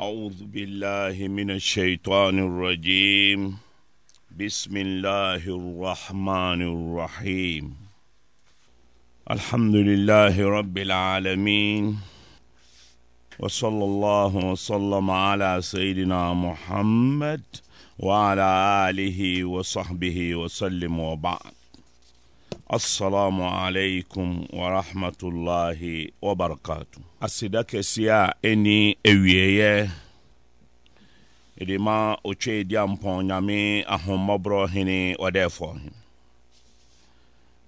أعوذ بالله من الشيطان الرجيم بسم الله الرحمن الرحيم الحمد لله رب العالمين وصلى الله وسلم على سيدنا محمد وعلى آله وصحبه وسلم وبعد assalamu alaikum wa rahmatullahi wa barakatu aseda kɛseɛ a ɛni awieeɛ ɛde ma ɔtwa edi ampɔn nyame ahommɔborɔ hene ɔdɛɛfoɔ hene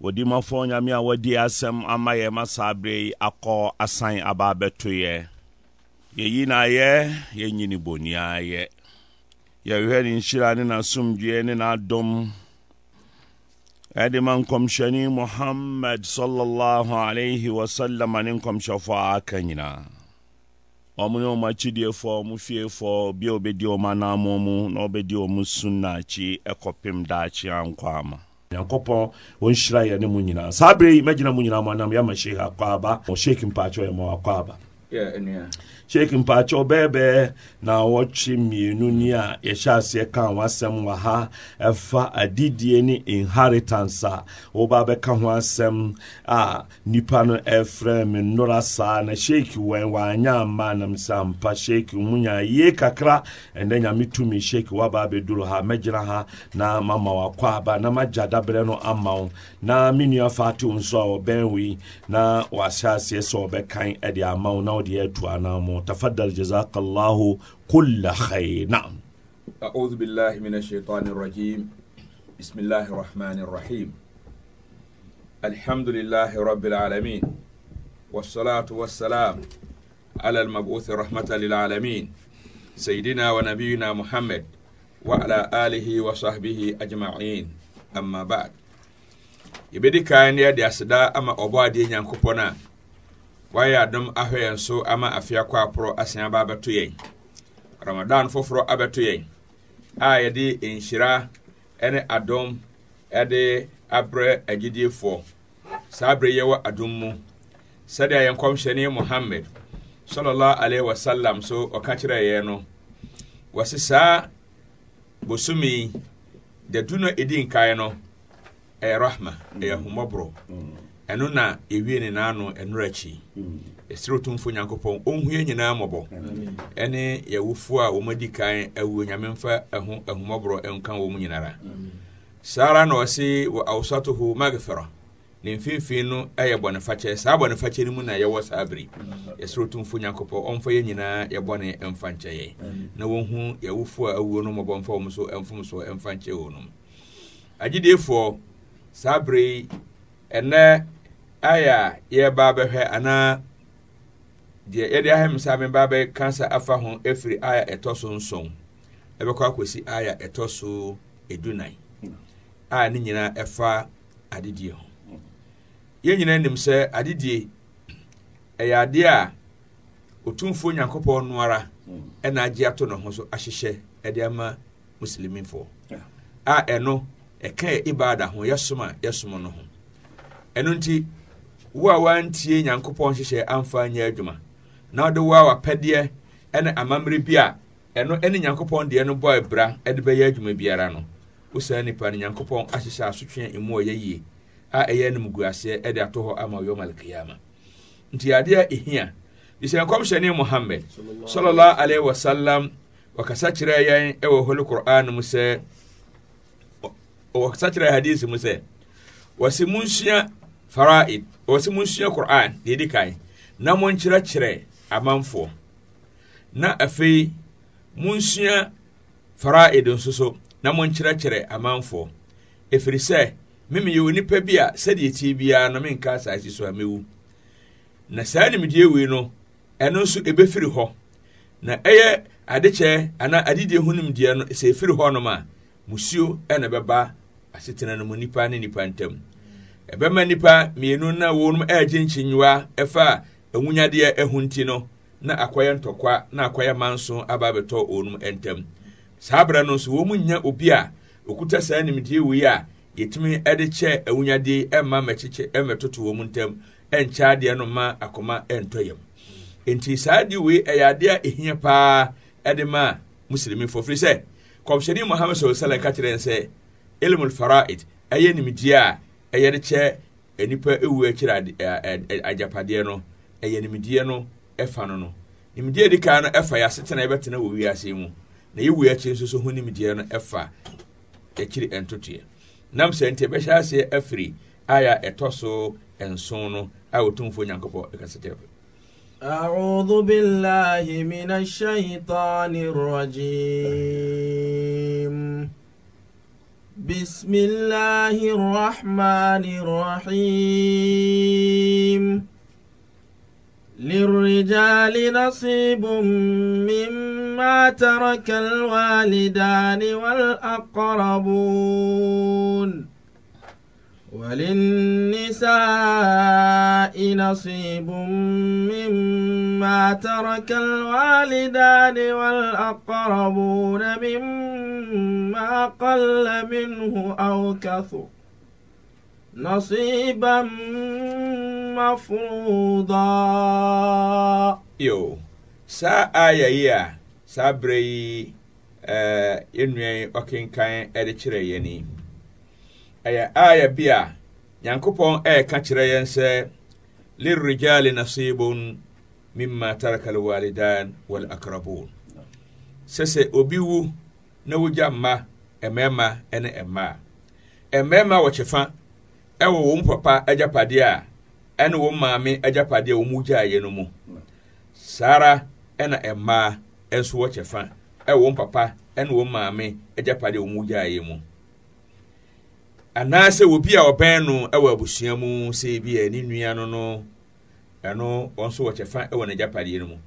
wɔdimafoɔ nyame a wɔadi asɛm ama yɛ ma saa berɛ yi akɔ asan aba abɛtoyɛ yɛyi na ayɛ yɛnyini boniaa yɛ yɛhwɛ ne nhyira ne n'asomdwoeɛ ne n'adom adiman kɔmhyɛne muhammad sallallahu alaihi wasallam ne nkɔmhyɛfo a aka nyinaa ɔmo ne ɔmo akyidiefoɔ ɔmo fiefɔ bia obɛdi ɔmo anammɔ mu na ɔbɛdi ɔmo sunna akyi ɛkɔpem daakye ankɔ ama nyankopɔn wɔnhyira yɛ ne mu nyinaa saa berɛ yi mɛgyina mu nyinaa mu anam yɛama sheikh akɔ aba ɔ sheikh mpaakyɛ ɔyɛ ma wakɔ aba yeah, sheik mpacho bɛɛbɛɛ na wɔtwe mmienu ni a yɛhyɛ aseɛ ka wɔ ha ɛfa adidie ne inheritance oh, a woba bɛka ho asɛm ah, a nipa no ɛfrɛ na sheik wɔn wanyɛ amma nam sɛ ampa sheik mu nya yie kakra ɛnɛ nyame tumi sheik waba abɛduru ha mɛgyina ha na mama wakɔ aba na magya no ama wo na me nua nso a ɔbɛn na wahyɛ aseɛ sɛ ɔbɛkan ɛde e, ama wo e, na mo تفضل جزاك الله كل خير نعم أعوذ بالله من الشيطان الرجيم بسم الله الرحمن الرحيم الحمد لله رب العالمين والصلاة والسلام على المبعوث رحمة للعالمين سيدنا ونبينا محمد وعلى آله وصحبه أجمعين أما بعد يبدي كان يدي أسداء أما أبوادي نيانكوبونا wayɛ adom ahwɛ yɛn so ama afea kɔ aporɔ asen aba abɛto yɛn ramadan foforɔ abɛto yɛn a yɛde nhyira ne adom de abrɛ agyidiefoɔ saa berɛ yɛwɔ adom mu sɛdeɛ yɛn kɔmhyɛne mohammed sallallahu alaihi wasallam so ɔka kyerɛɛ yɛn no wɔse saa bosome yi dadu no ɛdi nkae no ɛyɛ rahma ɛyɛ ahomɔborɔ mm. ɛno na ewie ne naano ɛnora akyi ɛsrɛ hmm. otumfo nyankopɔn ɔnhue nyinaa ɛne a wɔn adi kan awuo nyame mfa ɛho ahumɔborɔ nka wɔn nyinara saa ara na ɔse wɔ awosatoho magfara ne mfimfini no ɛyɛ saa hmm. na yɛwɔ saa bere yɛsrɛ otumfo nyankopɔn nyinaa na wɔnhu a awuo no mmɔbɔ mfa wɔn so ayɛ a bɛhwɛ abɛhwɛ anaa deɛ yɛde ahemsa meba abɛka sa afa ho afiri ayɛ ɛtɔ so nson ɛbɛkɔ akɔsi ayɛ ɛtɔ so edunan a ne nyinaa ɛfa adidie. ho yɛn nyinaa nim sɛ adidie ɛyɛ adeɛ a otumfuo nyankopɔn no ara ɛna agye ato ne ho so ahyehyɛ ɛde ama muslimifoɔ a ɛno ɛka yɛ e ibada ho yɛsom a no ho ɛno nti wo a wantie nyankopɔn hyehyɛ amfa nyɛ adwuma na wode wo a wapɛdeɛ ne amammerɛ bi a ɛno ne nyankopɔn deɛ no bɔ ɛbra de bɛyɛ adwuma biara no wo saa nnipa no nyankopɔn ahyehyɛ asotwe mu ɔyɛ yie a ɛyɛ animguaseɛ de ato hɔ ama yom alkiyama nti adeɛ ɛhia bisɛ nkɔmhyɛne mohammed sallallahu alaihi wasallam wɔkasa kyerɛ yɛn ɛwɔ hɔ qur'an mu sɛ wɔkasa kyerɛ hadisi mu sɛ wɔse monsua fara'id ɔwɔ sɛ monsua qur'an deɛ ɛdi kan na monkyerɛkyerɛ amanfoɔ na afei monsua fara'id nso so na monkyerɛkyerɛ amanfoɔ ɛfiri e sɛ mimi yɛ onipa bi a sɛdeɛ tie biara no menka asase so a mɛwu na saa nimdeɛ wei no ɛno nso ɛbɛfiri hɔ na ɛyɛ adekyɛ anaa adedie ho nimdeɛ no sɛ ɛfiri hɔ nom a musuo ɛna ɛbɛba asetena no mu nipa ne nipa ntam ɛbɛma nipa mmienu na wɔn ɛregye nkyinywa ɛfa ɛhunyadeɛ ɛho nti no na akɔyɛ ntɔkwa na akɔyɛ manso aba abɛtɔ wɔn ntam saa abera no nso wɔn nyɛ obi a okuta saa nimdeɛ wei a yɛtumi ɛde kyɛ ɛhunyadeɛ ɛma mɛkyekyɛ ɛmɛtoto wɔn ntam ɛnkyɛ adeɛ no ma akoma ɛntɔ yam nti saa adeɛ wei ɛyɛ adeɛ a ehia paa ɛde ma muslimi fofiri sɛ kɔmhyɛni muhammed sɔlɔ sɛlɛm ka kyerɛ nsɛ elimul faraid ɛyɛ nimdeɛ a ɛyɛ de kyɛ nipa ewu akyire ade ɛ ɛ agyapadeɛ no ɛyɛ nimdeɛ no ɛfa no no nimdeɛ edi kan no ɛfa yasetena yɛbɛtena wɔ wiase mu na yɛwu akyire nso so ho nimdeɛ no ɛfa akyire ntotoɛ nam sɛ nti ɛbɛhyɛ aseɛ afiri aya ɛtɔ so nson no a wɔtumfoɔ nyankopɔn ɛkasa kyerɛ أعوذ بالله من الشيطان الرجيم بسم الله الرحمن الرحيم للرجال نصيب مما ترك الوالدان والأقربون وللنساء نصيب مما ترك الوالدان والأقربون مما قل منه أو كثر نصيبا مفروضا يو سا yayi يا سابري bere yi كاين yɛn nua ɛyɛ aya bi a nyankopɔn ɛɛka kyerɛ yɛn sɛ lirijali nasibun mimma taraka alwalidan walakrabun sɛ sɛ obi wu na wogya mma mmarima ne mmaa mmarima wɔkyɛ fa ɛwɔ wɔn papa agyapadeɛ a ɛne wɔn maame agyapadeɛ a wɔn gyaeɛ no mu saa ara ɛna mmaa nso wɔkyɛ fa ɛwɔ wɔn papa ɛne wɔn maame agyapadeɛ a wɔn gyaeɛ mu anaasɛ obi a ɔbɛn no wɔ abusua mu sɛ bi a ne nua no no ɛno wɔn nso wɔkyɛfa wɔ n'agyapadeɛ no mu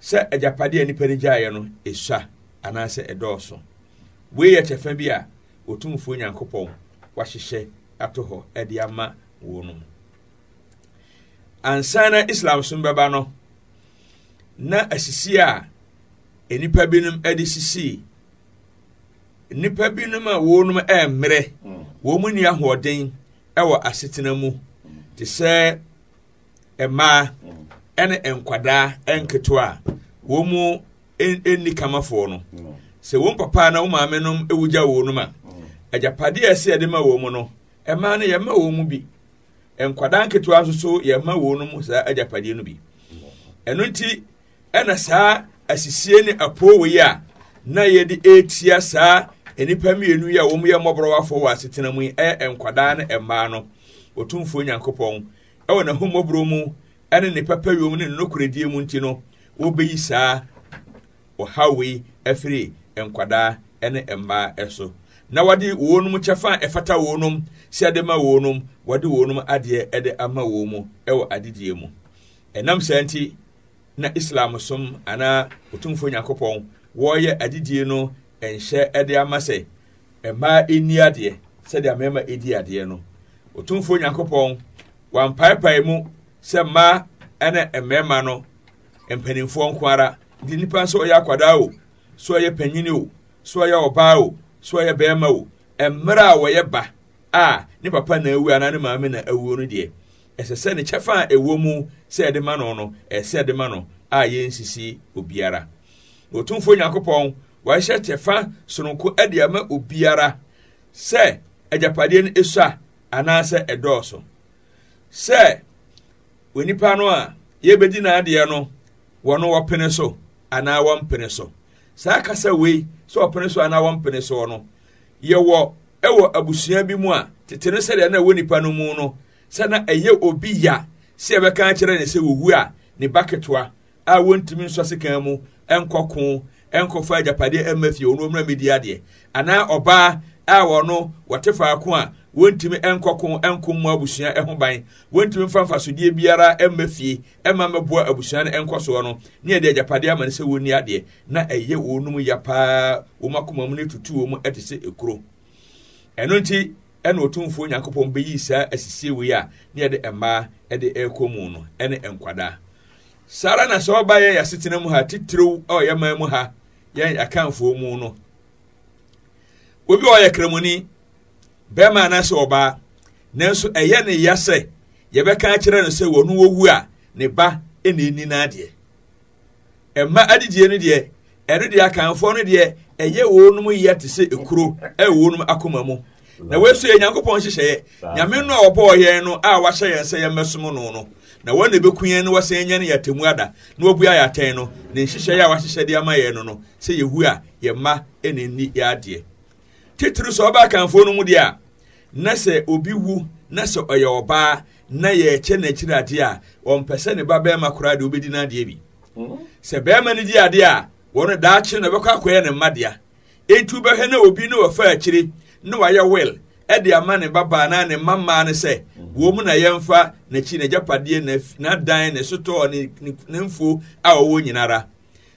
sɛ agyapadeɛ a nipa no gyaeɛ no esua anaasɛ ɛdɔɔso wei yɛ kyɛfa bi a otumfuo nyankopɔn wahyehyɛ ato hɔ de ama wɔn mu ansa na islam so bɛba no na asisi a nipa binom de sisi nipa binom a wɔn mmerɛ. Mm. wɔn mu ni ahoɔden wɔ asetena mu te sɛ mmaa ne nkwadaa nketewa wɔn mu nni kamafoɔ no sɛ wɔn papa na wɔn maame no wugya wɔn mu a agyapadeɛ a ɛsɛ yɛde ma wɔn mu no mmaa no yɛma wɔn mu bi nkwadaa nketewa nso so yɛma wɔn mu saa agyapadeɛ no bi ɛno nti ɛna saa asisie ne apoo a na yɛde etia saa nnipa mmienu yi a wɔn yɛ mmɔborɔwafoɔ wɔ asetena mu yi ɛyɛ nkwadaa ne mmaa no otumfuo nyankopɔn ɛwɔ n'ahommɔborɔ mu ɛne ne papawom ne nnokoredie mu nti no wɔbɛyi saa ɔhawe afiri nkwadaa ɛne mmaa ɛso na wɔde wɔnom kyɛfa a ɛfata wɔnom sɛ ɛde ma wɔnom wɔde wɔnom adeɛ ɛde ama wɔn mu ɛwɔ adedie mu ɛnam saa nti na islam som anaa otumfuo nyankopɔn wɔreyɛ adedie no nhyɛ de ama sɛ mmaa nni adeɛ sɛdeɛ mmarima di adeɛ no ɔtumfoɔ nyankopɔn wampaepae mu sɛ mmaa ne mmarima no mpanimfoɔ nko ara nti nnipa nso ɔyɛ akwadaa o so ɔyɛ panyini o so ɔyɛ ɔbaa o so ɔyɛ barima o mmerɛ a wɔyɛ ba a ne papa na awu anaa ne maame na awuo no deɛ ɛsɛ sɛ ne kyɛfa a ɛwɔ mu sɛ ɛde ma no no ɛsɛ ɛde ma no a yɛnsisi obiara ɔtumfoɔ nyankopɔn wɔahyɛ tɛfa sononko de ama obiara sɛ agyapadeɛ no esua anaasɛ ɛdɔɔso sɛ onipa no a yɛbɛdi n'adeɛ no wɔno wɔpene so anaa wɔmpene so saa kasa wei sɛ ɔpene so anaa wɔmpene so no yɛwɔ ɛwɔ abusua bi mu a tete no sɛdeɛ na ɛwɔ nipa no mu no sɛ na ɛyɛ obi ya sɛ ɛbɛka kyerɛ ne sɛ wowu a ne ba ketewa a wɔntumi nso asekan mu ɛnkɔ ko nkɔfa agyapadeɛ mma fie wɔn mmra mi di adeɛ anaa ɔbaa a wɔn wɔte faako a wɔntumi nkɔko nko mu abusua ho ban wɔntumi mfa mfasodeɛ biara mma fie mma mmaboa abusua no nkɔsoɔ no ne yɛde agyapadeɛ ama no sɛ wɔnni adeɛ na ɛyɛ wɔnom ya paa wɔn akoma mu ne tutu wɔn te sɛ ekuro ɛno nti ɛna otumfuo nyankopɔn bɛyi saa asisie wei a ne yɛde mmaa de ɛrekɔ mu no ne nkwadaa saa ara na sɛ ɔba yɛ yɛasetena mu ha titiriw a ɔyɛ man mu ha yɛn akamfoɔ mu no obi a ɔyɛ kramoni bɛrima anaasɛ ɔbaa nanso ɛyɛ ne ya sɛ yɛbɛka akyerɛ no sɛ wɔn wɔwu a ne ba na eni n'adeɛ mma adidie no deɛ ɛno deɛ akamfoɔ no deɛ ɛyɛ wɔnom yɛ te sɛ ekuro ɛwɔ wɔnom akoma mu na wɔasu yɛ nyankopɔn nhyehyɛeɛ nyame no a wɔbɔɔ yɛn no a wahyɛ yɛn sɛ yɛmmɛsom no no na wɔn na ebeku yɛn no wɔsɛn yɛn no yɛtɛmu ada na wɔbua yɛatɛn no ne nhyehyɛ yɛ a wahyehyɛ de ama yɛn no no sɛ yehu a yɛn mma na nni yɛ adeɛ titiri sɛ ɔbaa kanfo no mu deɛ a na sɛ obi wu na sɛ ɔyɛ ɔbaa na yɛrekyɛ n'akyiri adeɛ a wɔmpɛ sɛ ne ba bɛrima koraa deɛ obɛdi n'adeɛ bi hmm? sɛ bɛrima no di adeɛ a wɔn daakye na bɛkɔ akɔyɛ ne mmadea etu bɛhwɛ na obi na wɔfa akyire na wɔayɛ will ɛde ama ne babaa na ne mmamaa no sɛ wɔ mu na yɛmfa n'akyi n'agyapadeɛ n'adan ne sotɔɔ ne ne mfuo a ɔwɔ nyinara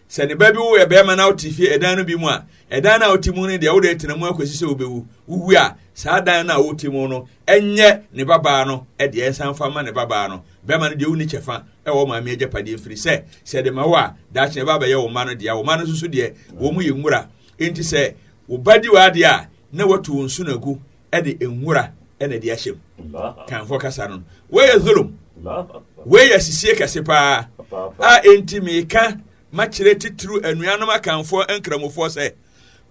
sɛ ne ba bi wo yɛ na wote fie ɛdan no bi mu a ɛdan no a wote mu no deɛ wode tena mu akɔsi sɛ wobɛwu wuwu a saa dan no a mu no ɛnyɛ ne babaa no ɛde ɛnsan fa ma ne babaa no bɛrima no deɛ woni kyɛfa ɛwɔ maame agyapadeɛ firi sɛ sɛ de ma wo a daakye ne ba bɛyɛ wo ma no deɛ wo ma no nso so deɛ wɔ mu yɛ nwura enti sɛ wo di wɔ adeɛ a na watu wo nsu no agu ɛde nwura ɛna ɛde ahyɛ mu kanfo kasa no wɔyɛ zolom wɔyɛ asisie kɛse paa a enti meka makyerɛ titiri anuanom akanfoɔ nkramofoɔ sɛ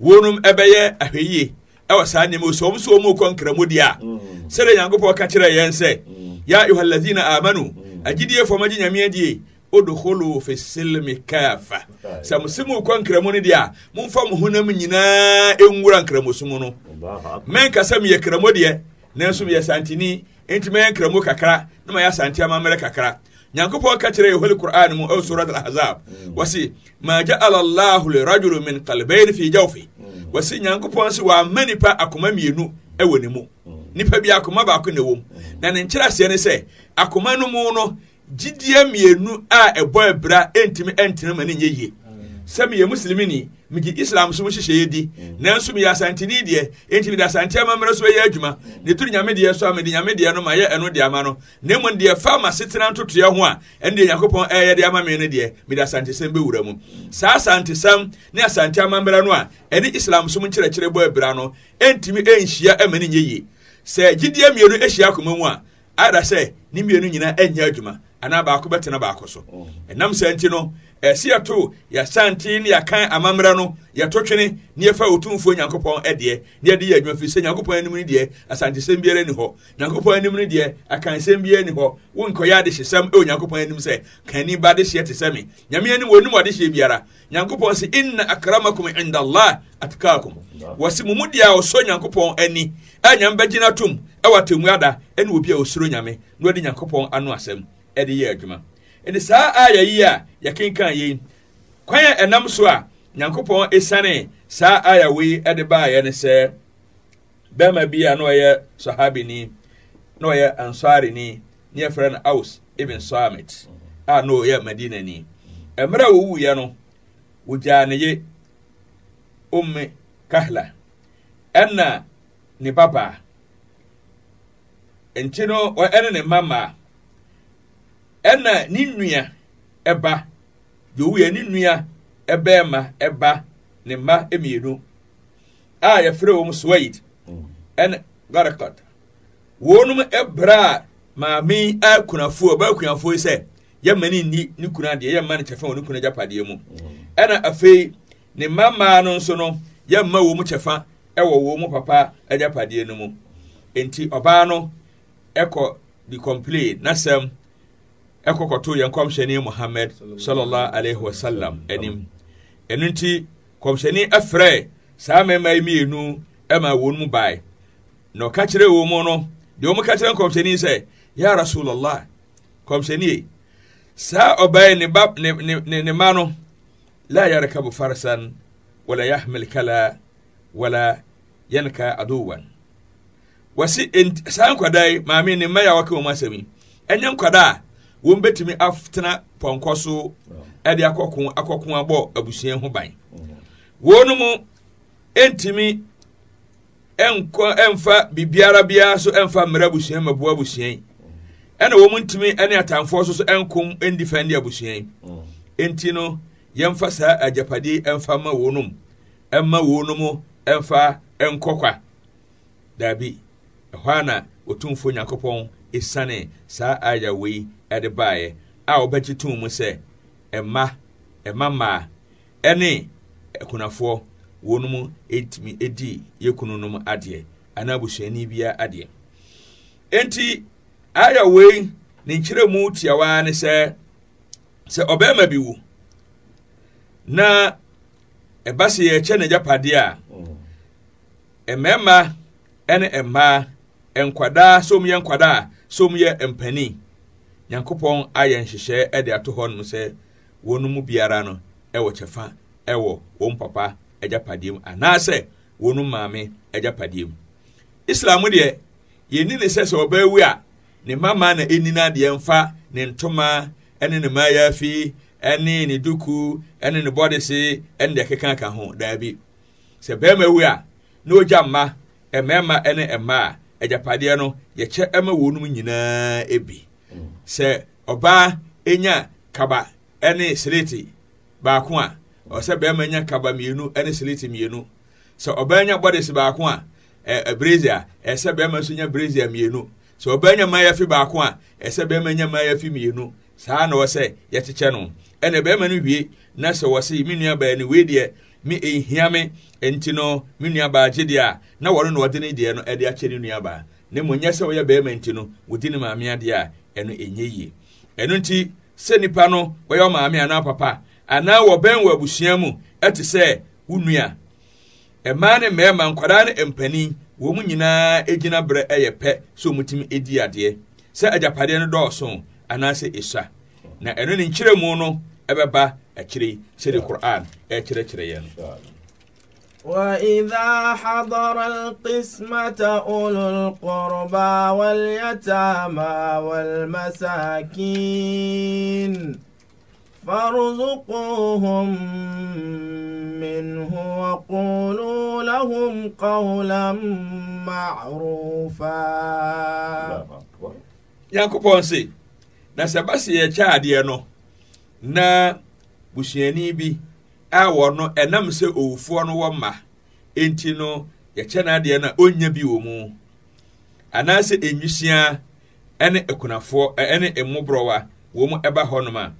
wɔnom ɛbɛyɛ ahwɛyie ɛwɔ saa nneɛma osi wɔn nso wɔn rekɔ nkramo di a mm. sɛdeɛ nyankopɔn ka kyerɛ yɛn sɛ mm. ya yohanladina amanu mm. agyidie fam agye nyame adie odokolo fesilimi kaafa sɛ mo se mo rekɔ nkramo no deɛ a momfa mo honam nyinaa nwura nkramosom no mɛnka sɛ meyɛ kramo deɛ nanso meyɛ santeni enti mɛyɛ nkramo kakra na mayɛ asante ama mmerɛ kakra nyankopɔn ka kyerɛ yɛhɔ qur'an mu ɛwɔ hazab. al-ahzab mm. wɔse ma ja'ala allahu lirajulu min qalbayn fi jawfi mm. wɔse nyankopɔn sɛ wɔamma nipa akoma mmienu ɛwɔ ne mu mm. nipa bi akoma baako na ɛwɔ mu na ne nkyerɛ aseɛ ne sɛ akoma no mu no gyidie mmienu a ɛbɔ ɛbra ɛntumi ɛntena ma ne nyɛ yie sɛ meyɛ muslimini megye islam so mu hyehyɛeɛ di nanso meyɛ asanteni deɛ enti mede asante amammerɛ so ɛyɛ adwuma ne toro nyame so a mede nyame deɛ no mayɛ ɛno de ama no na mmom deɛ fa ma setena ntotoeɛ ho a ɛno deɛ nyankopɔn ɛyɛ eh, de ama me no deɛ mede asantesɛm bɛwura mu saa asantesɛm ne asante amammerɛ no a ɛne islam so mu nkyerɛkyerɛ bɔ abira no ɛntumi ɛnhyia ɛma no nyɛ yie sɛ gyidie mmienu ahyia akoma mu a ada sɛ ne mmienu nyinaa ɛnyɛ adwuma anaa baako bɛtena baako so oh. ɛnam saa nti no ɛsi ato yɛsante ne yɛkan amammerɛ no yɛto twene ne yɛfa otumfuo nyankopɔn ɛdeɛ ne yɛde yɛ adwuma firi sɛ nyankopɔn anim no deɛ asantesɛm biara ni hɔ nyankopɔn anim no deɛ akansɛm biara ni hɔ wonkɔyɛ adehyesɛm ɛwɔ nyankopɔn anim sɛ kani ba adehyeɛ te sɛ me nyame anim wɔnim adehyeɛ biara nyankopɔn sɛ inna akramakum indallah atkakum wɔse mo mu deɛ a ɔsɔ nyankopɔn ani a nyame bɛgyina tom ɛwɔ atemmu ada ɛne obi a ɔsuro nyame na ɔde nyankopɔn ano asɛm ɛde yɛ adwuma ɛde saa aya yi a yɛkenkan yei kwan a ɛnam so a nyankopɔn ɛsiane saa aya wei ɛde baayɛ no sɛ bɛrima bi a na ɔyɛ sahabini na ɔyɛ ansareni ne yɛfrɛ no aus ibn samit a na ɔyɛ madinani mmerɛ a wɔwuiɛ no wɔgyaa ne ye umme kahla ɛnna ne papa nti no ɛne ne mmamaa ɛna ne nua ɛba deɛ owu yɛ ne nua ɛbɛɛma ɛba ne mma mmienu a yɛfrɛ wɔn swaid mm. ɛna garakot wɔn ɛbrɛ a maame a kunafoɔ ɔbaa kunafoɔ yi sɛ yɛma ne nni ne kuna deɛ yɛma ne kyɛfa wɔ ne kuna gyapadeɛ mu mm. ɛna afei ne mmammaa no nso no yɛmma wɔ kyɛfa ɛwɔ wɔ papa agyapadeɛ no mu Nti ɔbaa no ɛkɔ de complain n'asɛm ɛkɔ kɔto yɛn kɔmhyɛni muhammad sallallahu alaihi wasallam anim ɛno nti kɔmhyɛni ɛfrɛ saa mmarima yi mmienu ɛma wɔn mu bae na ɔka kyerɛ wɔn mu no deɛ wɔn ka kyerɛ kɔmhyɛni sɛ ya rasulallah kɔmhyɛni saa ɔbaa ne ba ne ne ne ne ma no la yarkabu farsan wala yahmil kala wala yanka aduwan wasi saa nkwadaa yi maame ne mma yi a wɔka wɔn asɛm yi ɛnyɛ nkwadaa wɔn bɛtumi atena pɔnkɔ so ɛde akɔko akɔko abɔ abusua ho ban wɔn mu ntumi nkɔ ɛnfa biribiara biara so ɛnfa mmerɛ abusua mmabu abusua yi ɛna wɔn ntumi ɛne atamfoɔ so so ɛnkom ɛndifa ɛndi abusua yi nti no yɛmfa saa agyapadeɛ ɛnfa ma wɔn mu ɛma wɔn mu ɛnfa ɛnkɔkwa daabi ɛhɔ ana otumfoɔ nyakopɔn esane saa ayawe yi. ɛde baeɛ a wɔbɛgye to mu sɛ ɛma ɛma mmaa ɛne akunafoɔ wɔnom ɛtumi ɛdi yɛ kununom adeɛ anaa busuani biara adeɛ enti ayɛ wei ne nkyerɛmu tiawaa ne sɛ sɛ ɔbɛrima bi wu na ɛba sɛ yɛkyɛ n'agyapadeɛ a mmarima ɛne mmaa nkwadaa som yɛ nkwadaa som yɛ mpanin nyankopɔn ayɛ nhyehyɛ de ato hɔ nom sɛ wɔn mu biara no wɔ kyɛfa wɔ wɔn papa agyapadeɛ mu anaasɛ wɔn maame agyapadeɛ mu islam deɛ yɛni ne sɛ sɛ ɔbaa wu a ne mama na ɛni no adeɛ ne ntoma ne ne maayaafi ne ne duku ne ne bɔdese ne deɛ keka ka ho daabi sɛ bɛrima wu a na ɔgya mma mmarima ne mmaa agyapadeɛ no yɛkyɛ ma wɔn nyinaa bi sɛ ɔbaa enya kaba ɛne siliti baako a ɔsɛ bɛrima nya kaba mmienu ɛne siliti mmienu sɛ ɔbaa nya bɔdis baako a ɛɛ brezia ɛsɛ bɛrima nso nya brezia mmienu sɛ ɔbaa nya mayaafi baako a ɛsɛ bɛrima nya mayaafi mmienu saa na wɔsɛ yɛkyekyɛ no ɛna bɛrima no wie na sɛ wɔsɛ mi nua baa ni wei deɛ mi ehia nti no mi nua baa gye deɛ a na wɔn na wɔde ne deɛ no ɛde akyɛ ne nua baa ne mo nyɛ sɛ wɔyɛ bɛrima nti no wɔdi ne maame adeɛ a ɛno ɛnyɛ yie ɛno nti sɛ nipa no wɔyɛ maame anaa papa anaa wɔbɛn wɔ abusua mu ɛte sɛ wo nua mmaa ne mmarima nkwadaa ne mpanin wɔn mu nyinaa gyina berɛ ɛyɛ pɛ sɛ wɔtumi di adeɛ sɛ agyapadeɛ no dɔɔso anaasɛ esua na ɛno ne nkyerɛmu no ɛbɛba akyire yi sɛde koran ɛkyerɛkyerɛ yɛn no وإذا حضر القسمة أولو القربى واليتامى والمساكين فارزقوهم منه وقولوا لهم قولا معروفا nyankopɔn se na sɛ ba se yɛkyɛ adeɛ no no ɛnam sɛ owufoɔ no wɔ mma enti no yɛkyɛ n'adeɛ no a ɔnnya bi wɔ mu anaasɛ enwisua ɛne akunafoɔ ɛne mmoborɔwa wɔn mu ɛba hɔnom a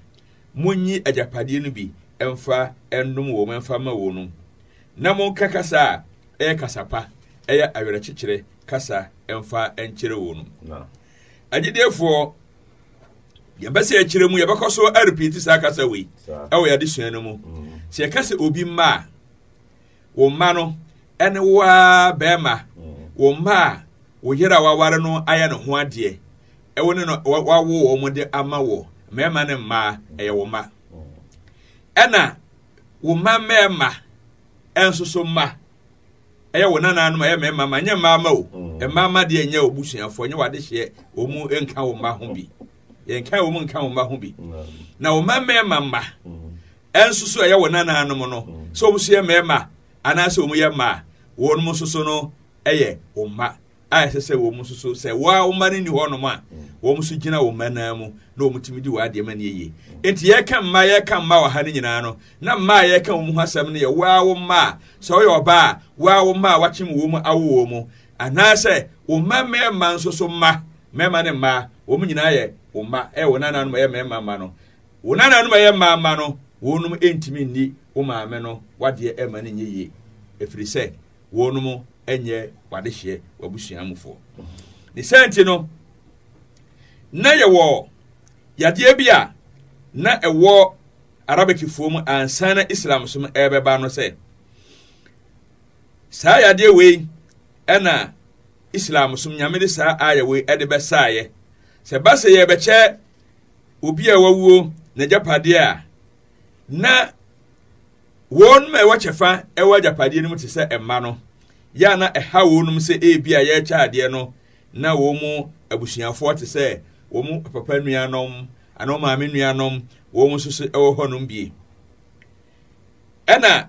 monyi agyapadeɛ no bi ɛmfa ɛnum wɔn ɛmfa ma wɔn na monka kasa a ɛyɛ kasapa ɛyɛ awerɛkyekyerɛ kasa ɛmfa ɛnkyerɛ wɔn agyideefoɔ yɛbɛsɛ akyerɛ mu yɛbɛkɔ so arepeati saa kasa wei ɛwɔ yɛadesua no mu mm. sɛ yɛka obi mma a wo mma no ɛne waa a bɛrima mm. wo mma a wo a waware no ayɛ ne ho adeɛ ɛwo ne no wawo wɔn de ama wɔ mmarima ne mmaa ɛyɛ wo mma mm. ɛna wo mma mmarima ɛnsoso mma ɛyɛ wo nananom ɛyɛ mmarima ma nye mmaa ma o mm. mmaa ma deɛ nye nyɛ obusuafoɔ nyɛ wadehyeɛ wɔn mu nka wɔn mma ho bi yɛnka wɔn mu nka wɔn mma ho bi na wo mma mmarima mma ɛnsoso so ɛyɛ wo nananom no sɛ wɔn so yɛ mmarima anaasɛ wɔn yɛ mmaa. wɔn mu soso no yɛ wɔn mma a ɛsɛ sɛ wɔn mu soso sɛ wɔn a wɔn mma no ni hɔnom a wɔn nso gyina wɔn mma nan mu na wɔn tumi di wɔn adeɛ ma no yie nti yɛka mma yɛka mma wɔ ha no nyinaa no na mma a yɛka wɔn ho asɛm no yɛ wɔn a wɔn mma a sɛ ɔyɛ ɔbaa a wɔn a wɔn mma a wɔakyem wɔn mu awo wɔn mu anaasɛ wɔn mma mmarima nso so mma mmarima ne mmaa wɔn nyinaa yɛ wɔn mma ɛyɛ wɔn nananom ɛyɛ mmarima mma no wɔn nananom ɛyɛ mmaa mma no wɔn ntumi nni wɔn maame no wadeɛ ɛma no nyɛ yie ɛfiri sɛ wɔnom nyɛ wadehyɛ wabusuamufoɔ ne sɛnti no na yɛwɔ yadeɛ bi a na ɛwɔ arabikifoɔ mu ansa na islam so ɛrebɛba no sɛ saa yadeɛ wei ɛna islam so nyame de saa ayɛ wei ɛde bɛsaayɛ sɛ ba sɛ yɛbɛkyɛ obi a wawuo n'agyapadeɛ a na wɔn mu a ɛwɔ kyɛfa ɛwɔ agyapadeɛ no mu te sɛ ɛma no yɛ a na ɛha wɔnom sɛ ebi a yɛrekyɛ adeɛ no na wɔn mu abusuafoɔ te sɛ wɔn mu papa nuanom anaa maame nuanom wɔn nso so ɛwɔ hɔnom bie ɛna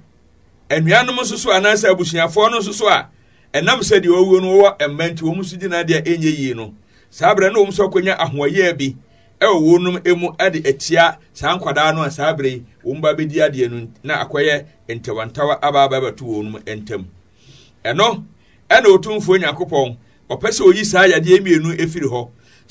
nuanom nso so anaasɛ abusuafoɔ no nso so a ɛnam sɛ deɛ ɔwuo no wɔwɔ mma nti wɔn nso gyina adeɛ ɛnyɛ yie no saa abirɛ no wɔn nso akɔnya ahoɔyɛɛ bi ɛwɔ wɔn mu ɛde ɛtia saa nkwadaa no a saa abirɛ yi wɔn ba bɛdi adeɛ no na akɔyɛ ntawantawa aba abɛbɛto wɔn mu ntam ɛno ɛna otumfuo nyankopɔn ɔpɛ sɛ oyi saa yadeɛ mmienu ɛfiri hɔ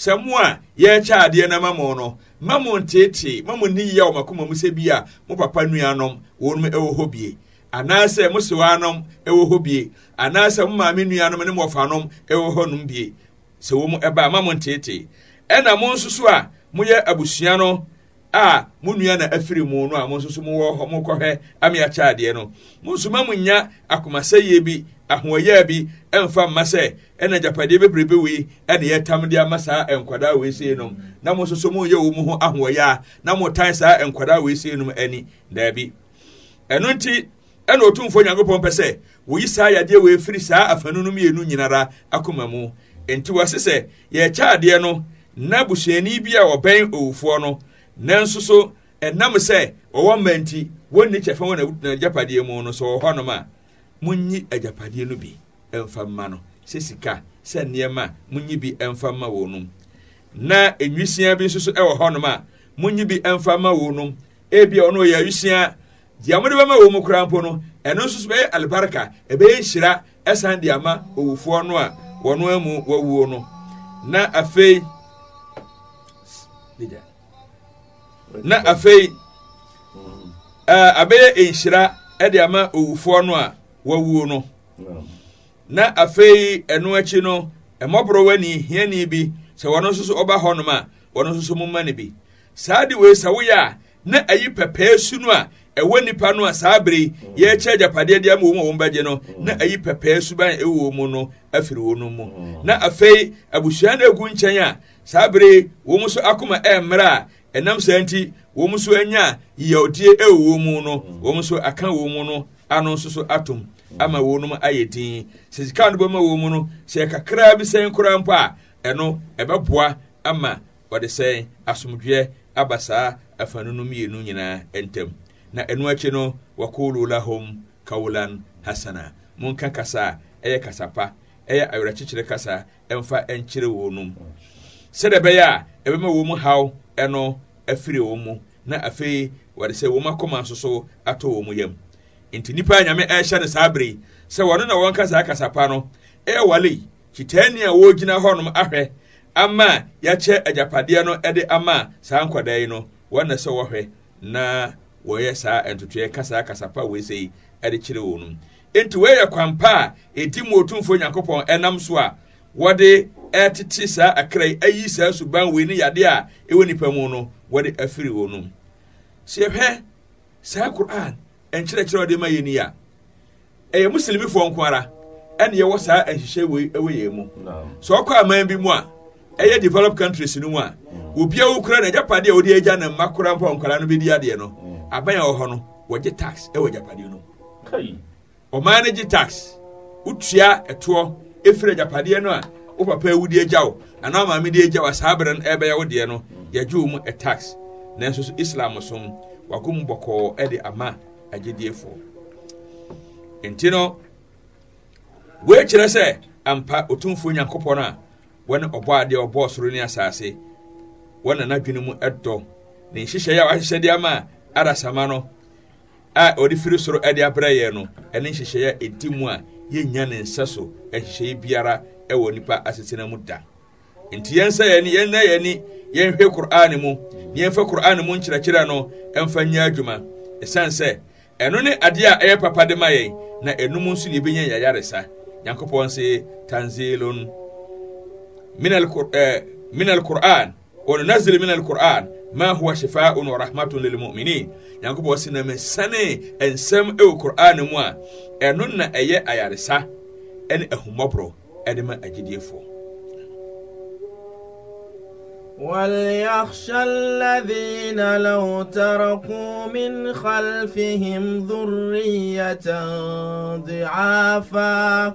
sɛ mo a yɛrekyɛ adeɛ no ma mo no ma mo nteetee ma mo nni yie a ɔmakoma mu sɛ bi a mo papa nuanom wɔnom ɛwɔ hɔ bie anaasɛ mo sewaanom ɛwɔ hɔ bie anaasɛ mo maame nuanom ne mo ɔfanom ɛwɔ hɔ nom bie sɛ wɔn ɛba ma mo nteetee ɛna mo nso so a moyɛ abusua no a mo nua na afiri mu no a mo nso so mowɔ hɔ mokɔhwɛ ameakyɛ adeɛ no mo nso ma mo nya akomasɛyie bi ahoɔyɛɛ bi ɛmfa mma sɛ ɛna agyapadeɛ bebrebe wei ɛne yɛtam de ama saa nkwadaa wei sei nom na mo nso so moyɛ wo mu ho ahoɔyɛ a na motan saa nkwadaa wei sei nom ani daabi ɛno nti ɛna ɔtumfoɔ nyankopɔn pɛ sɛ woyi saa yadeɛ wei firi saa afanu no mmienu nyinara akoma mu enti wɔse sɛ yɛkyɛ adeɛ no na busuani bi a ɔbɛn owufoɔ no nanso so ɛnam sɛ ɔwɔ mma nti wɔnni kyɛfa wɔ n'agyapadeɛ mu no sɛ ɔwɔ hɔnom a monyi agyapadeɛ no bi mfa mma no sɛ sika sɛ nneɛma monyi bi mfa mma wɔn nom na enwisia bi nso so wɔ hɔnom a monyi bi mfa mma wɔn nom ebi a ɔno yɛ awisia deɛ wɔde bɛma wɔn mu koraa mpo no ɛno nso so bɛyɛ alibarika ɛbɛyɛ nhyira ɛsan de ama owufoɔ no a wɔn amu wɔwuo no na afei na afei ɛɛ mm. abɛyɛ nhyira ɛde ama owufoɔ no a wawuo no na afei ɛno akyi no ɛmɔborɔwani hiani bi sɛ wɔno nso so ɔba hɔ nom a wɔno nso so momma no bi saa de wei sɛ woyɛ a na ayi pɛpɛɛ su no a ɛwɔ nipa no a saa bere yi mm. yɛrekyɛ agyapadeɛ deɛ ama wɔn a wɔn bɛgye no mm. na ayi pɛpɛɛ suban ɛwɔ wɔn mu no afiri wɔn mu mm. na afei abusua no egu nkyɛn a saa bere yi wɔn nso akoma ɛɛmmerɛ a ɛnam saa nti wɔn nso anya yiyɛwdie ɛwɔ wɔn mu no wɔn nso aka wɔn mu no ano nso so atom ama mu ayɛ din sɛ sika no bɛma wɔ mu no sɛ kakra bi sɛn kora mpo a ɛno ɛbɛboa ama wɔde sɛn asomdwoeɛ aba saa afanu no mmienu nyinaa ɛntɛm na ɛno akyi no wakolo lahom kaulan hasana monka kasa a ɛyɛ pa ɛyɛ awerɛkyekyerɛ kasa ɛmfa ɛnkyerɛ wɔ nom sɛdeɛ ɛbɛyɛ a ɛbɛma wɔn mu haw ɛno afiri wɔn mu na afei wɔde sɛ wɔn akoma nso so atɔ wɔn yam nti nipa a nyame ɛrehyɛ no saa bere sɛ wɔno na wɔnka saa kasapa no ɛwale yi kyitaani a wɔgyina hɔnom ahwɛ ama yɛakyɛ agyapadeɛ no de ama saa nkwadaa yi no wɔn na sɛ wɔhwɛ na wɔyɛ saa ntotoeɛ ka saa kasapa a yi de kyerɛ wɔn mu nti wɔyɛ kwan pa a ɛdi mu otumfoɔ nyankopɔn ɛnam so a wɔde ɛtete saa akra yi ayi saa suban wei ne yade a ɛwɔ nipa mu no wɔde afiri wɔn mu sɛ yɛhwɛ saa koran nkyerɛkyerɛ ɔde ma yɛ ni a ɛyɛ muslimifoɔ nko ara ɛna yɛwɔ saa nhyehyɛ wei ɛwɔ yɛn mu sɛ ɔkɔ aman bi mu a ɛyɛ developed countries no mu a mm. obiara wo kura na agyapadeɛ a wode agya ne mma kora mpa nkwaraa no bɛdi adeɛ no mm. aban a ɛwɔ hɔ no wɔgye tax ɛwɔ agyapadeɛ no ɔman no gye tax wotua ɛtoɔ ɛfiri agyapadeɛ no a wo papa awudi agya wo anaa maame de agya wo saa berɛ no ɛbɛyɛ wo deɛ no mm. yɛgye wo mu ɛtax nanso islam som wakom bɔkɔɔ ɛde ama agyediefoɔ nti no wei kyerɛ sɛ ampa otumfuo nyankopɔn a wɔne ɔbɔ adeɛ ɔbɔɔ soro ne asase wɔn nana dwene mu ɛdɔ ne nhyehyɛeɛ a wahyehyɛ de ama arasama no a ɔde firi soro ɛde abrɛ yɛn no ɛne nhyehyɛeɛ a ɛdi mu a yɛnnya ne nsa so nhyehyɛeɛ biara ɛwɔ nipa asetena mu da nti yɛn nsa yɛn ni yɛn nan yɛn ni yɛn hwɛ kur'an mu yɛn fɛ kur'an mu nkyerɛkyerɛ no ɛmfa nyɛ adwuma ɛsan sɛ ɛno ne adeɛ a ɛyɛ papa de ma yɛn na ɛnum nso na ebɛnya yayaresa nyankopɔn se tanzilun minal kur ɛɛ eh, minal kur'an wɔn nazili minal kur'an ma huwa shifaa'un wa rahmatun lil mu'minin nyankopɔn se na mɛsane nsɛm ɛwɔ kur'an mu a ɛno na ɛyɛ ayaresa ɛne ahummɔborɔ ɛde ma agyidiefoɔ وليخشى الذين لو تركوا من خلفهم ذرية ضعافا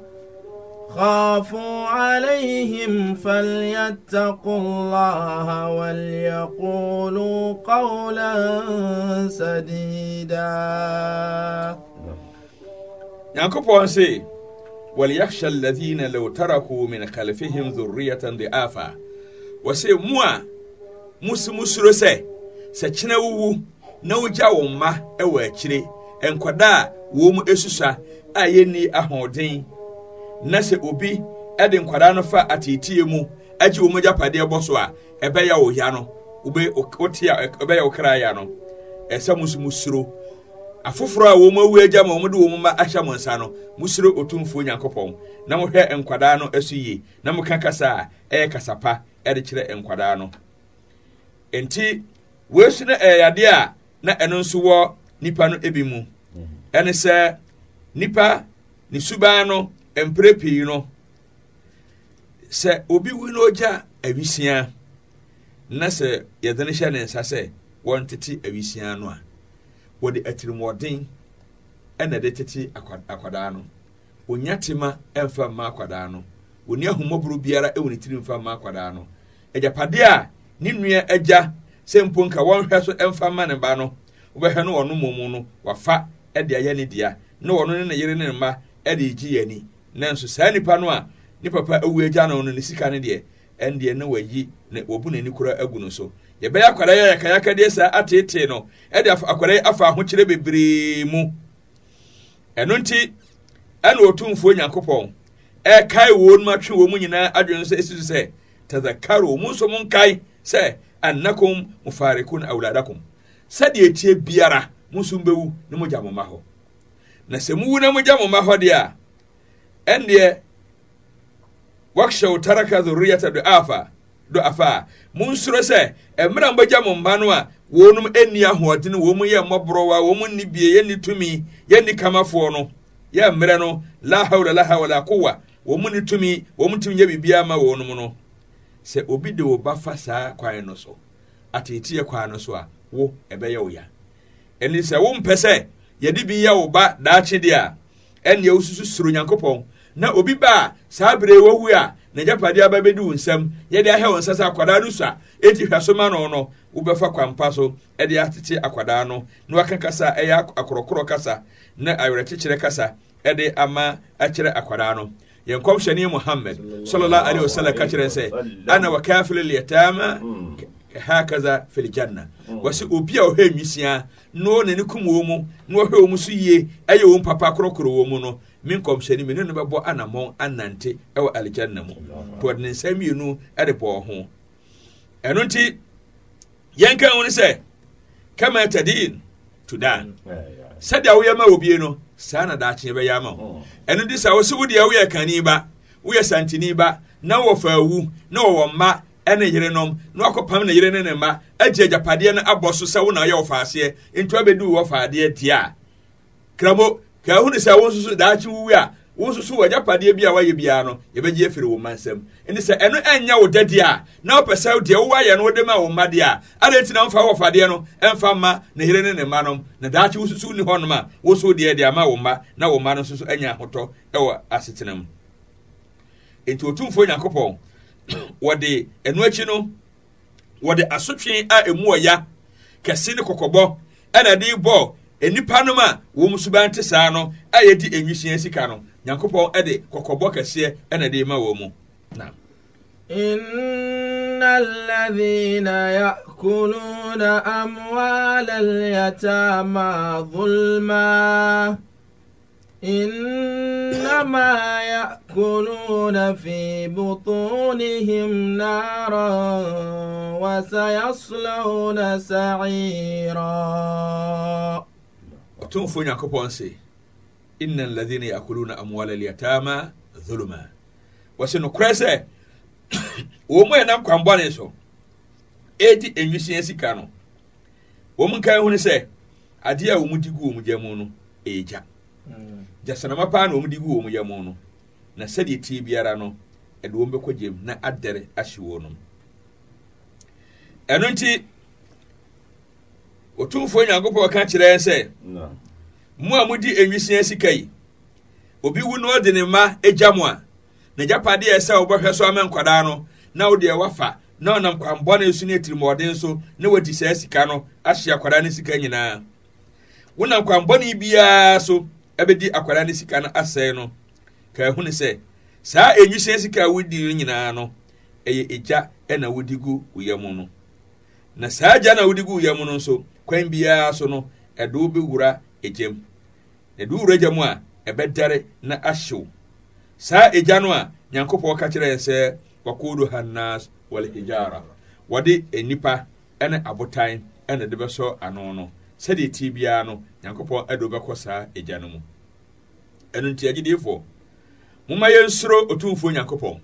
خافوا عليهم فليتقوا الله وليقولوا قولا سديدا يعقوب وليخشى الذين لو تركوا من خلفهم ذرية ضعافا wɔse mu a musu musuro sɛ sɛ kyena wuwu na wogya wo mma wɔ akyire nkɔda a wɔn susua a yɛnni ahoɔden na sɛ obi ɛde nkwadaa no fa ateetie mu agye wɔn agyapadeɛ bɔ so a ɛbɛyɛ wo ya no wobe wote a ɛbɛyɛ wo kra ya no ɛsɛ musu musuro afoforɔ a wɔn awu agya ma wɔn de wɔn mma ahyɛ mo nsa no musuro otumfuo nyankopɔn na mohwɛ nkwadaa no so yie na moka kasa a ɛyɛ pa. de kyerɛ nkwadaa no nti weesu no ɛyɛ yadeɛ a na ɛno nso wɔ nipa no ebi mu mhm. ɛne sɛ nipa ne suban no mpere pii no sɛ obi wi no ogya awisia na sɛ yɛde no hyɛ ne nsa sɛ wɔntete awisia no a wɔde atirimɔden ɛna ɛde tete akwadaa no onya tema ɛmfa mma akwadaa no wɔnni ahomɔborɔ biara ɛwɔ ne tirim fa ma akwadaa no agyapadeɛ a ne nua agya sɛ mpo nka wɔnhwɛ so ɛmfa ma ne ba no wobɛhwɛ no wɔno mmom no wafa ɛde ayɛ ne dea na wɔno ne ne yere ne ne mma ɛde gye yɛ nanso saa nipa no a ne papa awu agya no no ne sika no deɛ ɛndeɛ na wayi na wabu n'ani kora agu no so yɛbɛyɛ akwadaa yɛ yakayaka deɛ saa ateetee no ɛde akwadaa yi afa ahokyerɛ bebree mu ɛno nti ɛna otumfuo nyankopɔn ɛkae eh, wɔn mu atwe wɔn mu nyinaa adwene sɛ ɛsi so sɛ tazakaro mu nso mu nkae sɛ annakum mufarikun awladakum sɛdeɛ tie biara mo nso bɛwu na mogya mo mma hɔ na sɛ muwu na mogya mo mma hɔ deɛ a ɛndeɛ wakhyɛw taraka dhuriyata do afa do afa a monsuro sɛ mmerɛ a mogya mo mma no a wɔnom ɛnni ahoɔden wɔn mu yɛ mmɔborɔwa wɔn mu nni bie yɛnni tumi yɛnni kamafoɔ no yɛ mmerɛ no la hawla la hawla kowa wɔn ne tumi wɔn tumi nyɛ biribiara ma wɔn mu no sɛ obi de wo ba fa saa kwan no so ateeteɛ kwan no so a wo ɛbɛyɛ wo ya ɛni sɛ wompɛ sɛ yɛde bi yɛ wo ba daakye deɛ a ɛnneɛ wosusu soro nyankopɔn na obi ba a saa bere wawu a n'agyapadeɛ aba bɛdi wo nsam yɛde ahɛ wo nsa sɛ akwadaa no so a ɛti hwɛ so ma no no wobɛfa kwampa so ɛde atete akwadaa no na waka kasa ɛyɛ akorɔkorɔ kasa na awerɛkyekyerɛ kasa ɛde ama akyerɛ akwadaa no yɛn kɔmhyɛne muhammad sallallahu alaihi wasallam ka kyerɛ sɛ ana wa kafilu liyatama mm. hakaza fil janna mm. wɔsi obi a ɔhɛ nwisia na ɔne ne kum wɔ mu na ɔhɛ wɔ mu so yie ɛyɛ wɔn papa korɔkorɔ wɔ mu no me nkɔmhyɛne me ne no bɛbɔ anammɔn anante ɛwɔ aljanna mu tɔɔde ne nsa mmienu ɛde bɔ ho ɛno nti yɛnka ho ne kama tadin to mm. yeah, yeah sɛdeɛ woyɛ ma obie no saa na daakye bɛyɛ ama wo oh. ɛno de sɛ wo sɛ wodeɛ woyɛ kani ba woyɛ santini ba na wɔfa awu na wɔwɔ mma ɛne yerenom na wakɔpam ne yere ne ne mma agye agyapadeɛ no abɔ so sɛ wo na woyɛ wɔfaaseɛ nti wabɛdi wo wɔfaadeɛ tie a kramo ka ahunu sɛ wo nso daakye wuwu a wo nso so wɔ agyapadeɛ bi a wayɛ biara no yɛbɛgye afiri wo mma nsam nti sɛ ɛno ɛnyɛ wo dɛ deɛ a na wopɛ sɛ deɛ wowɔ ayɛ no wode ma wo mma deɛ a adɛn nti na womfa wɔfadeɛ no ɛmfa mma ne yere ne ne mma nom na daakye wo susu ni hɔnom a wo so deɛ de ama wo mma na wo mma no nso so ahotɔ ɛwɔ asetena mu nti otumfoɔ nyankopɔn wɔde ɛno akyi no wɔde asotwe a ɛmu ɔya kɛse ne kɔkɔbɔ ɛna de bɔ nnipa nom a wɔn suban te saa nyankopɔn ɛde kɔkɔbɔ kɛseɛ ɛna de ma wɔn mu na. إن الذين يأكلون أموال اليتامى ظلما إنما يأكلون في بطونهم نارا وسيصلون سعيرا. أتوم فوني أكو inna alladhina yakuluna amwala alyatama dhuluma wɔsi nokorɛ sɛ wɔn mu ɛnam kwan bɔne so edi enwisua sika no wɔn nkan ho ne sɛ adeɛ a wɔn di gu wɔn gya mu no egya gyasanama hmm. paa na wɔn di gu wɔn gya mu no na sɛdeɛ tie biara no ɛde wɔn bɛkɔ gya na adɛre ahye wɔn nom ɛno nti otumfoɔ nyankopɔn ka kyerɛ sɛ. No. mu a mudi enwisua sika yi obi wu na ɔde ne mma agya mu a n'agyapadeɛ sɛ wɔbɛhwɛ so ama nkwadaa no na wo deɛ fa na ɔnam na-esu ne atirimɔden so na wadi saa sika no ahye akwadaa no sika nyinaa wonam kwanbɔne biara so ɛbɛdi akwadaa no sika no asɛe no ka ɛhu ne sɛ saa enwisua sika a wodi no nyinaa no ɛyɛ egya ɛna wodi gu wo no na saa agya na wodi gu wo no nso kwan biara so no ɛde wo bɛwura egyam yɛde wo wuragya mu a ɛbɛdare na ahyew saa egya no a nyankopɔn ka kyerɛ yɛn sɛ wakodo hannas walhijara wɔde nnipa ne abotan na de bɛsɔ ano no sɛdeɛ ti biara no nyankopɔn ɛde wobɛkɔ saa egya no mu ɛno nti agyediefoɔ momma yɛnsuro otumfuo nyankopɔn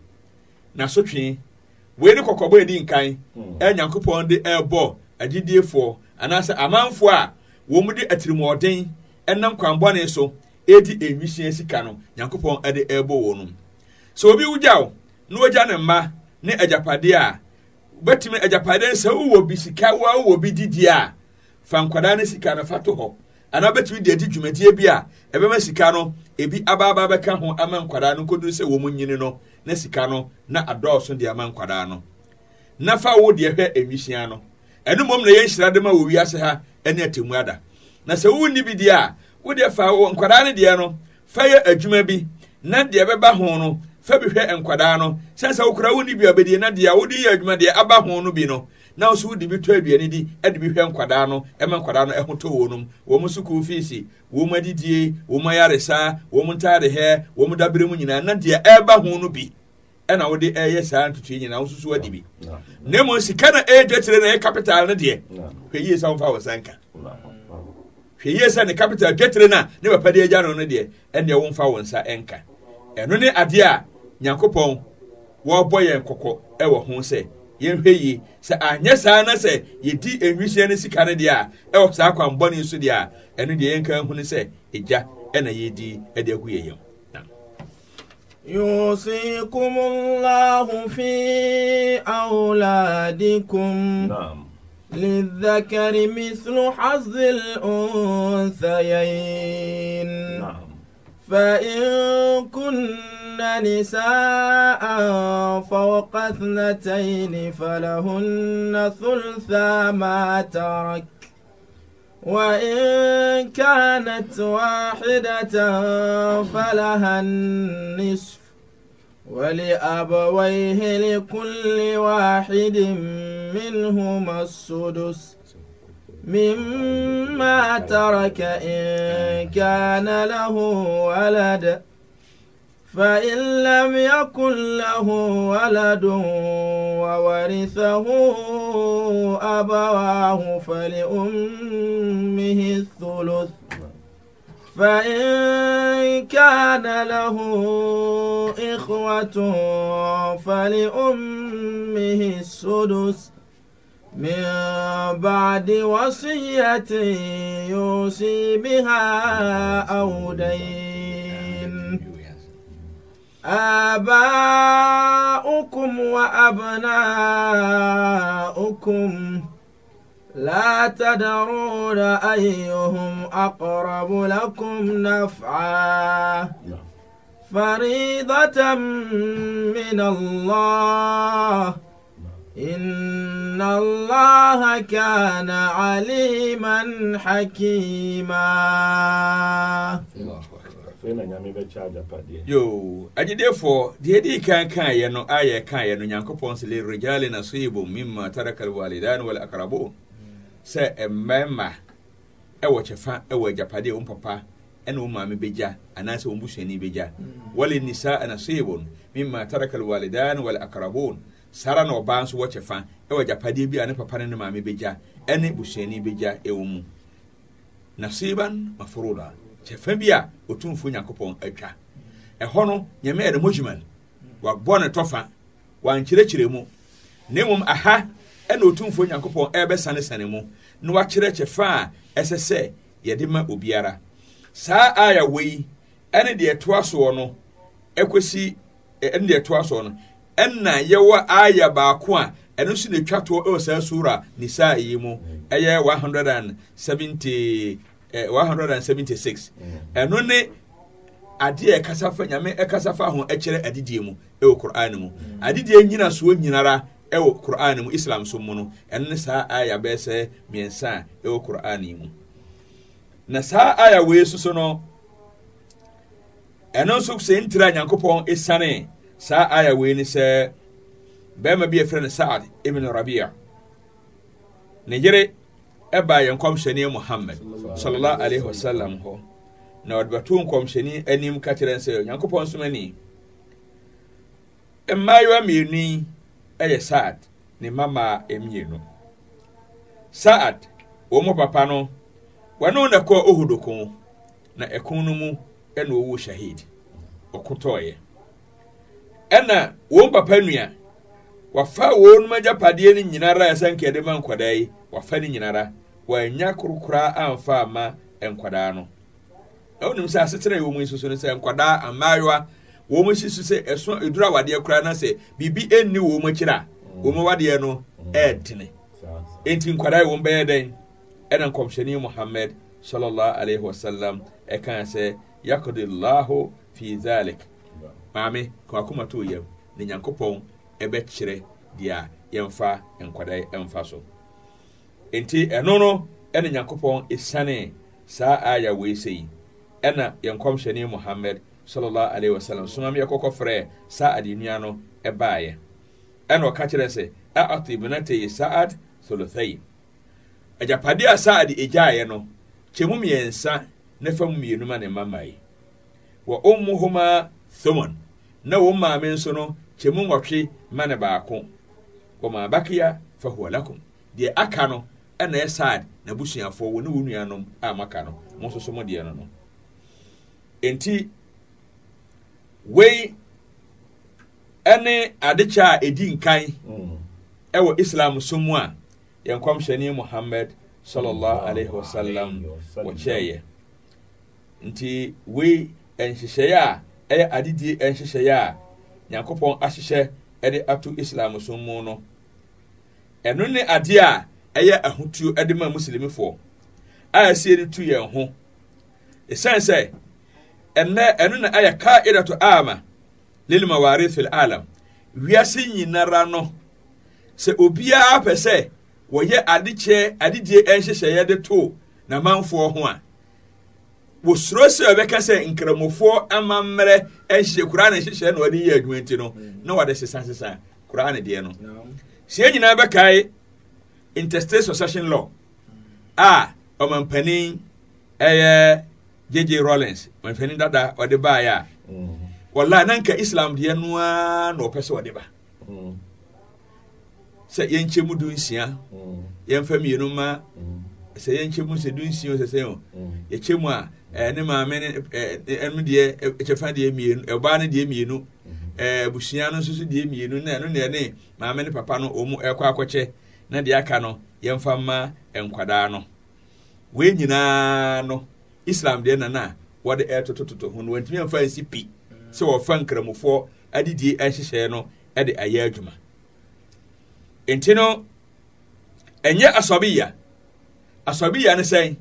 na sotwe wei ne kɔkɔbɔ edi nkan hmm. ɛ nyankopɔn de ɛrebɔ agyediefoɔ anaasɛ amanfoɔ a wɔn de atirimuɔden ɛnam kwan bɔne so ɛdi ewisia sika no nyankopɔn ɛde ɛrebɔ wɔn no sɛ obi wogyaw na wogya ne mma ne agyapadeɛ a wobɛtumi agyapadeɛ sɛ wowɔ bi sika wo a wowɔ bi didi a fa nkwadaa ne sika no fa to hɔ anaa wobɛtumi de adi dwumadie bi a ɛbɛma sika no ebi abaaba bɛka ho ama nkwadaa no koduru sɛ wɔn nyini no na sika no na adɔɔso de ama nkwadaa no na fa wo deɛ hwɛ ewisia no ɛnumom na yɛn nhyira de ma wɔ wiase ha ɛne atemmu ada na sɛ wonni bi deɛ a wodeɛ fa wɔ nkwadaa no deɛ no fa yɛ adwuma bi na deɛ bɛba ho no fa bi hwɛ nkwadaa no sɛ sɛ wokora wonni bi a bɛdie na deɛ a wode yɛ adwuma deɛ aba ho no bi no na nso wode bi tɔ aduane di de bi hwɛ nkwadaa no ma nkwadaa no ho tɔ wɔ nom wɔn nso kuu fiisi wɔn adidie wɔn ayaresa wɔn ntaadehɛ wɔn dabere mu nyinaa na deɛ ɛreba ho no bi ɛna wode ɛyɛ saa ntutu yi nyinaa nso adi bi na mmom sika na ɛyɛ dwakyerɛ na ɛyɛ capital no deɛ hwɛ yie sa wɔmfa wɔ sanka hwɛ yie sɛ ne capital dwetire na a ne papa de agya no no deɛ ɛne ɛwo mfa wɔn nsa ɛnka ɛno ne adeɛ a nyankopɔn wɔrebɔ yɛn kɔkɔ ɛwɔ ho sɛ yɛnhwɛ yie sɛ anyɛ saa na sɛ yɛdi nwisiɛ no sika no deɛ a ɛwɔ saa kwanbɔne nso deɛ a ɛno deɛ yɛnka hu no sɛ ɛgya ɛna yɛdi ɛde agu yɛ yam يوصيكم الله في أولادكم نعم للذكر مثل حظ الأنثيين نعم فإن كن نساء فوق اثنتين فلهن ثلثا ما ترك وإن كانت واحدة فلها النصف ولأبويه لكل واحد منهما السدس مما ترك إن كان له ولد فإن لم يكن له ولد وورثه أبواه فلأمه الثلث فإن كان له إخوة فلأمه السدس من بعد وصية يوصي بها أو دين آباؤكم وأبناؤكم لا تدرون أيهم أقرب لكم نفعا فريضة من الله إن الله كان عليما حكيما yo agyedeɛfoɔ deɛ ɛdii kan kaeɛ no a yɛkaeɛ no nyankopɔn sɛ lirijalin nasibu mima taraka alwalidan walakrabon sɛ mmarima ɛwɔ kyɛfa ɛwɔ agyapadeɛ wɔn papa ɛna wɔn maame bɛgya anaasɛ wɔn busuani bɛgya mm. wɔle nisa anasebon mimma tarakal walidan wal akrabon sara na ɔbaa nso wɔ kyɛfa ɛwɔ agyapadeɛ bi a ne papa ne ne maame bɛgya ɛne busuani bɛgya ɛwɔ mu nasiban maforoda kyɛfa bi a otumfuo nyankopɔn atwa ɛhɔ no nyame ɛde mogyiman mm. wabɔ ne tɔfa wankyerɛkyerɛ mu na mmom aha ɛna otumfoɔ nyankopɔn ɛrebɛsanesane mu na wakyerɛkyɛ fa a ɛsɛ sɛ yɛde ma obiara saa aya wɔ yi ɛne deɛ ɛtoa soɔ no ɛkɔsi ɛne deɛ ɛtoa soɔ no ɛna yɛwɔ aya baako a ɛno nso na etwa toɔ ɛwɔ saa sura nisaa yi mu ɛyɛ one hundred and seventy ɛɛ one hundred and seventy six mm. ɛno ne adeɛ ɛkasa fa nyame ɛkasa fa ho ɛkyerɛ adidie mu ɛwɔ koraa no mu mm. adidie nyina soɔ nyinara ɛwɔ kur'an mu islam so mu no ɛne saa aya bɛyɛ sɛ mmiɛnsa a ɛwɔ kur'an mu na saa aya wei so so no ɛno nso sɛ ntira nyankopɔn ɛsiane saa aya wei ne sɛ bɛrima bi yɛfrɛ no saad ibn rabia ne yere ɛbaa yɛn muhammad sallallahu alaihi wasallam hɔ na ɔde bɛto nkɔmhyɛni anim ka kyerɛ sɛ nyankopɔn som ani mmaayewa mmienu yi yɛ saad ne mmamaa mmienu saad wɔn mu papa no wɔne na kɔɔ ohudo ko na ɛko no mu na ɔwɔ shahid ɔkotɔɔeɛ ɛna wɔn papa nua wafa wɔn mu agyapadeɛ no nyinara a ɛsɛ nkɛde ma nkwadaa yi wafa no nyinara wɔanya korokora amfa ama nkwadaa no na wɔnim sɛ asetena a ɛwɔ mu yi nso so no sɛ nkwadaa mmaayewa wɔn si so sɛ ɛso eduru awadeɛ koraa na sɛ biribi ɛnni wɔn akyire a wɔn wadeɛ no ɛɛdini eti nkwadaa yi wɔn bɛyɛ dɛn ɛna nkɔmhyɛni muhammed sallallahu alayhi wa sallam ɛkan sɛ yakodillahu fi zalik maame kɔnkɔn to yam ne nyankopɔn ɛbɛkyerɛ deɛ yɛmfa nkwadaa yi ɛmfa so nti ɛno no ɛna nyankopɔn ɛsane saa aya wei sɛ yi ɛna yɛn nkɔmhyɛni muhammed sallallahu alaihi wasallam soma mi ɛkɔkɔ frɛ saad nua no ɛbaeɛ ɛna ɔka kyerɛ sɛ aat ibnatayi saad tholothai agyapadeɛ a saad ɛgyaeɛ no kyɛmu mmiɛnsa na fam mmienu ma ne mmamae wɔ ummuhuma thomon na wɔn maame nso no kyɛmu nwɔtwe ma ne baako wɔ ma bakia fa huwa lakum deɛ aka no ɛna ɛ saad n'abusuafoɔ wɔ ne wɔn a maka no mo nso so mo deɛ no no wei ɛne adekyɛ a ɛdi nkan mm. ɛwɔ islam so mu a yɛn muhammad sallallahu alaihi wasallam wɔkyɛɛyɛ nti wei nhyehyɛeɛ a ɛyɛ adedie nhyehyɛeɛ a nyankopɔn ahyehyɛ ɛde ato islam so mu no ɛno ne adeɛ a ɛyɛ ahotuo ɛde ma muslimifoɔ a ɛsie de tu yɛn ho ɛsiane sɛ ɛnnɛ ɛno na ayɛ kaidatu ama lilmawarith fil alam wiase nyinara no sɛ obiara pɛ sɛ wɔyɛ adekyɛ adedie nhyehyɛeɛ de too n'amanfoɔ ho a wɔsuro sɛ wɔbɛka sɛ nkramofoɔ amammerɛ nhyehyɛ koraa ne nhyehyɛ na wɔde yɛ adwuma nti no na wɔde sesasesa koraa ne deɛ no sie nyinaa bɛkae intestate succession law mm. a ɔmampanin ɛyɛ jj rollins mfani dada ɔde baeɛ a wɔla na islam deɛ no ara na ɔpɛ sɛ ɔde ba mm-hmm. sɛ yɛnkyɛ mu du nsia mm-hmm. yɛmfa mmienu ma mm-hmm. sɛ yɛnkyɛ mu sɛ du nsia sɛ sɛ yɛkyɛ mu a ne maame ne ɛno deɛ kyɛfa deɛ mmienu ɔbaa no deɛ mmienu abusua no nso deɛ mmienu na ɛno deɛ ne maame ne papa no ɔmu ɛkɔ akɔkyɛ na deɛ aka no yɛmfa mma nkwadaa no wei nyinaa no islam deɛ nana a wɔde ɛtotototo ho no wɔntumi amfa nsi pi sɛ wɔfa nkramofoɔ adidie nhyehyɛeɛ no de ayɛ adwuma nti no ɛnyɛ asɔbeya asɔbeya no sɛn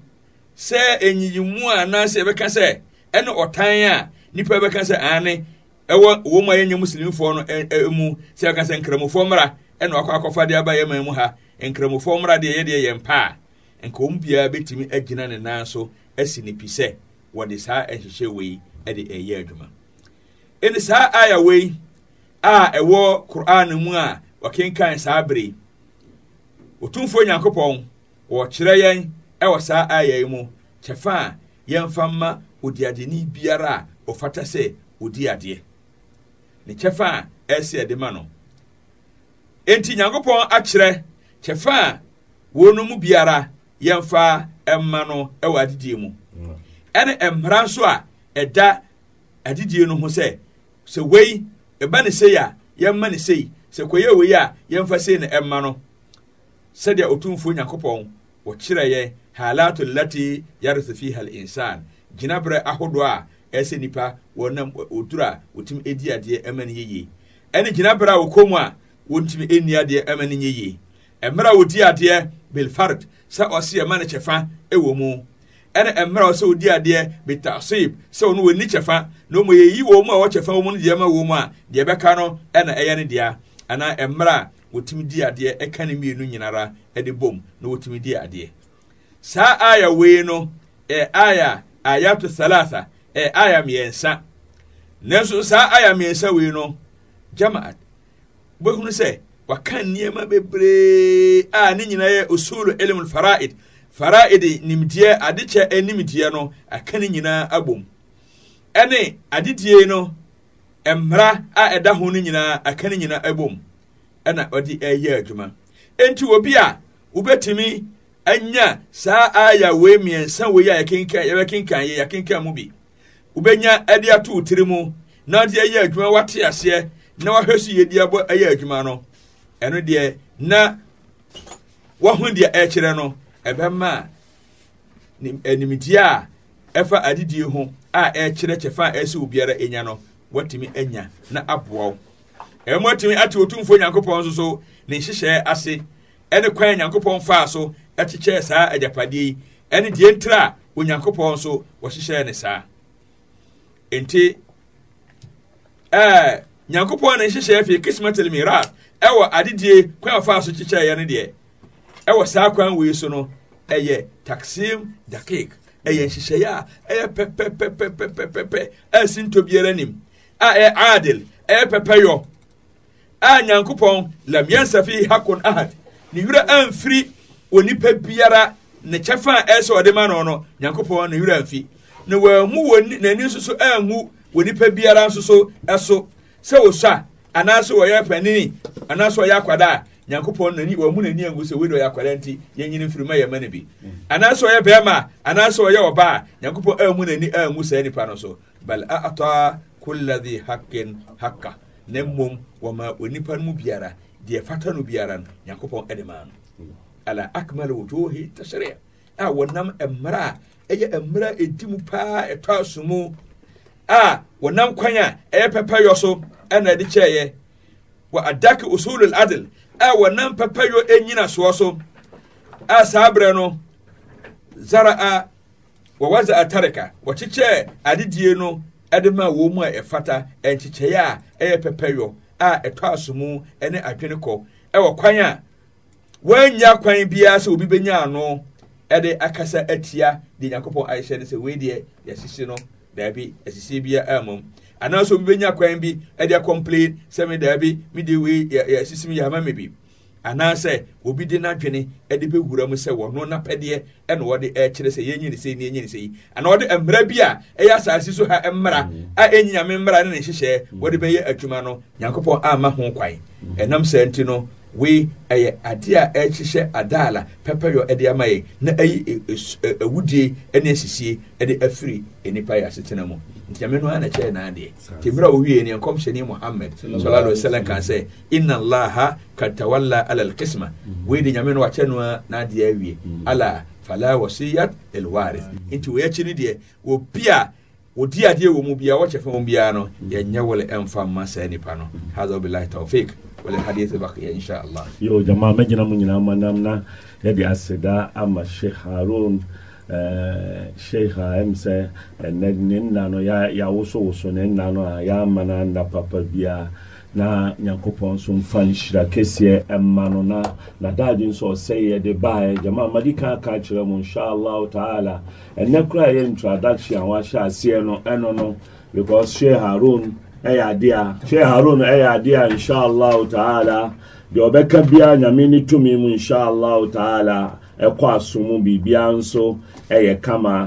sɛ ɛnyiyimu a anaasɛ ɛbɛka sɛ ɛne ɔtan a nipa bɛka sɛ ane ɛwɔ wɔn mu a yɛnyɛ muslimfoɔ no ɛmu sɛ ɛbɛka sɛ nkramofoɔ mmra ɛna ɔkɔ akɔfa de aba yɛ man mu ha nkramofoɔ mmra deɛ yɛdeɛ yɛn paa nka biara bɛtumi agyina ne nan so asi ne pi sɛ wɔde saa wei de ɛyɛ adwuma ɛne saa aya wei a ɛwɔ koran mu a wɔkenkan saa bere otumfoɔ nyankopɔn wɔkyerɛ yɛn ɛwɔ saa aya yi mu kyɛfa a yɛmfa mma odiadeni biara a ɔfata sɛ odi adeɛ ne kyɛfa a ɛsɛ ɛde ma no enti nyankopɔn akyerɛ kyɛfa yɛmfa ɛma no ɛwɔ adidie mu mm. ɛne mmara nso a ɛda adidie no ho sɛ sɛ wei ɛba ne sei a yɛmma ne sei sɛ kɔyɛ wei a yɛmfa sei na ɛma no sɛdeɛ ɔtumfuo nyankopɔn wɔkyerɛ yɛ halatu lati yarisa fi hal insan gyinaberɛ ahodoɔ a ɛsɛ nipa wɔnam ɔduru a wɔtumi ɛdi adeɛ ɛma no yɛyie ɛne gyinaberɛ a wɔkɔ mu a wɔntumi ɛnni adeɛ ɛma no yɛyie mmerɛ a wɔdi adeɛ bilfard sɛ ɔsi ɛma ne kyɛfa ɛwɔ mu ɛna mmerɛ sɛ odi adeɛ bitasoib sɛ ɔno wɔn ni kyɛfa na ɔmo yɛyi wɔn mu a wɔkyɛfa wɔn mu no deɛ ma wɔn mu a deɛ bɛka no ɛna ɛyɛ ne dea anaa mmerɛ a wɔtumi di adeɛ ɛka ne mmienu nyinara ɛde bom na wɔtumi di adeɛ saa aya wei no ɛɛ aya ayato salasa ɛɛ aya mmiɛnsa nanso saa aya mmiɛnsa wei no jamaat bɛhunu sɛ waka nneɛma bebree a ne nyinaa yɛ usulu elimu fara'id fara'id nimdeɛ adekyɛ nimdeɛ no aka ne nyinaa abom ɛne adedie no mmara a ɛda ho no nyinaa aka ne nyinaa abom ɛna ɔde ɛyɛ adwuma enti obi a wobɛtumi anya saa aya wei mmiɛnsa wei a yɛkenkan yɛbɛkenkan yɛ yɛkenkan mu bi wobɛnya ɛde ato tiri mu na ɔde ɛyɛ adwuma wate aseɛ na wahwɛ so yɛdi abɔ ɛyɛ adwuma no ɛno deɛ na wahu deɛ ɛkyerɛ no ɛbɛma animdie a ɛfa adidie ho a ɛkyerɛ kyɛfa a ɛsɛ obiara ɛnya no watumi anya na aboa wo ɛmu atumi ate otumfoɔ nyankopɔn nso so ne nhyehyɛɛ ase ɛne kwan nyankopɔn faa so ɛkyekyɛɛ saa agyapadeɛ yi ɛne deɛ ntira a onyankopɔn nso wɔhyehyɛɛ ne saa nti ɛɛ nyankopɔn ne nhyehyɛɛ fii kismatil mirat ɛwɔ adedie kwan a ɔfaa so kyekyɛeɛ no deɛ ɛwɔ saa kwan wei so no ɛyɛ taksim dakik ɛyɛ nhyehyɛeɛ a ɛyɛ pɛpɛpɛpɛpɛpɛ ɛsi ntɔ biara nim a ɛyɛ adil ɛyɛ pɛpɛyɔ a nyankopɔn lam yɛnsa fi hakon ahad ne werɛ amfiri onipa biara ne kyɛfa a ɛyɛ sɛ ɔde ma no no nyankopɔn ne werɛ amfi na wɔahu n'ani nso so angu onipa biara nso so ɛso sɛ wɔsɔ a anaasɛ wɔyɛ panini anaasɛ wɔyɛ akwadaa nyankopɔn nani wɔn mu nani angu sɛ wei de ɔyɛ akwadaa nti yɛnyini mfiri ma yɛ ma no bi anaasɛ ɔyɛ bɛrima anaasɛ ɔyɛ ɔbaa nyankopɔn anmu nani angu saa nipa no so bal aata kulla hakin haka, haqqa na mmom wɔma onipa no mu biara deɛ fata no biara no nyankopɔn ɛde maa no ala akmal wujuhi tashri'a a wɔnam mmerɛ a ɛyɛ mmerɛ a ɛdi mu paa ɛtɔ aso a wɔnam kwan a ɛyɛ pɛpɛyɔ so ɛna ɛde kyɛɛyɛ wɔ adake usulul adil a wɔnam pɛpɛyo ɛnyina soɔ so a saa berɛ no zara a wɔwaza atareka wɔkyekyɛɛ adedie no ɛde ma wɔn mu a ɛfata ɛnkyekyɛeɛ a ɛyɛ pɛpɛyo a ɛtɔ asomu ɛne adwene kɔ ɛwɔ kwan a wɔanya kwan biara sɛ obi bɛnya ano ɛde akasa atia deɛ nyankopɔn ayɛhyɛ no sɛ wei deɛ yɛasisi no daabi asisi biara ama mu anaasɛ obi bɛnya kwan bi ɛde complain sɛ me daabi mede wei yɛasisi me yɛama me bi anaasɛ obi de n'adwene de bɛwura mu eh, sɛ wɔno n'apɛdeɛ ɛna wɔde ɛkyerɛ sɛ yɛn nyini sɛyi ne yɛn nyini sɛyi anaa wɔde mmara bi a ɛyɛ asaase so ha mmara a ɛnyɛ nyame mmara ne ne nhyehyɛ wɔde bɛyɛ adwuma no nyankopɔn ama ho kwan ɛnam sɛ nti no wei ɛyɛ eh, adeɛ a ɛhyehyɛ eh, adaala pɛpɛyɔ ɛde eh, ama yɛ na ɛyi awudie ɛne asisie ɛde afiri nipa yɛ asetena mu ntiame no ana kyɛɛ naadeɛ nti mmerɛ a wɔwie ne ɛnkɔm hyɛne mohammed sala alai wasalam kaa sɛ inna allaha katawalla ala alkisma mhm. wei de nyame no wakyɛ no a naadeɛ awie mhm. ala fala wasiyat elwari, nti wei akyi no deɛ obi a odi adeɛ wɔ mu biara wɔkyɛ fa mu biara no mhm. yɛnyɛ wole ɛmfa mma saa nipa no hadha billahi tawfik والحديث بقي إن شاء الله يو جماعة مجنا من ينام نامنا يدي أسدا أما الشيخ هارون sheikh a ɛm sɛ ɛnɛ ne nna no yɛawosowoso ne nna no a yɛama papa biara na nyankopɔn nso mfa nhyira kɛseɛ eh, ɛma no na nadaadwe nso ɔsɛ yɛde baeɛ eh, gyama madi ka ka kyerɛ mu inshallah taala ɛnɛ eh, koraa yɛ introduction a wahyɛ aseɛ no ɛno no because sheikh haron ɛyɛ adeɛ a hwɛ harun ɛyɛ adeɛ a inshallah taala deɛ ɔbɛka biara nyame ne tumi mu inshallah taala ɛkɔ aso biribiara nso ɛyɛ kama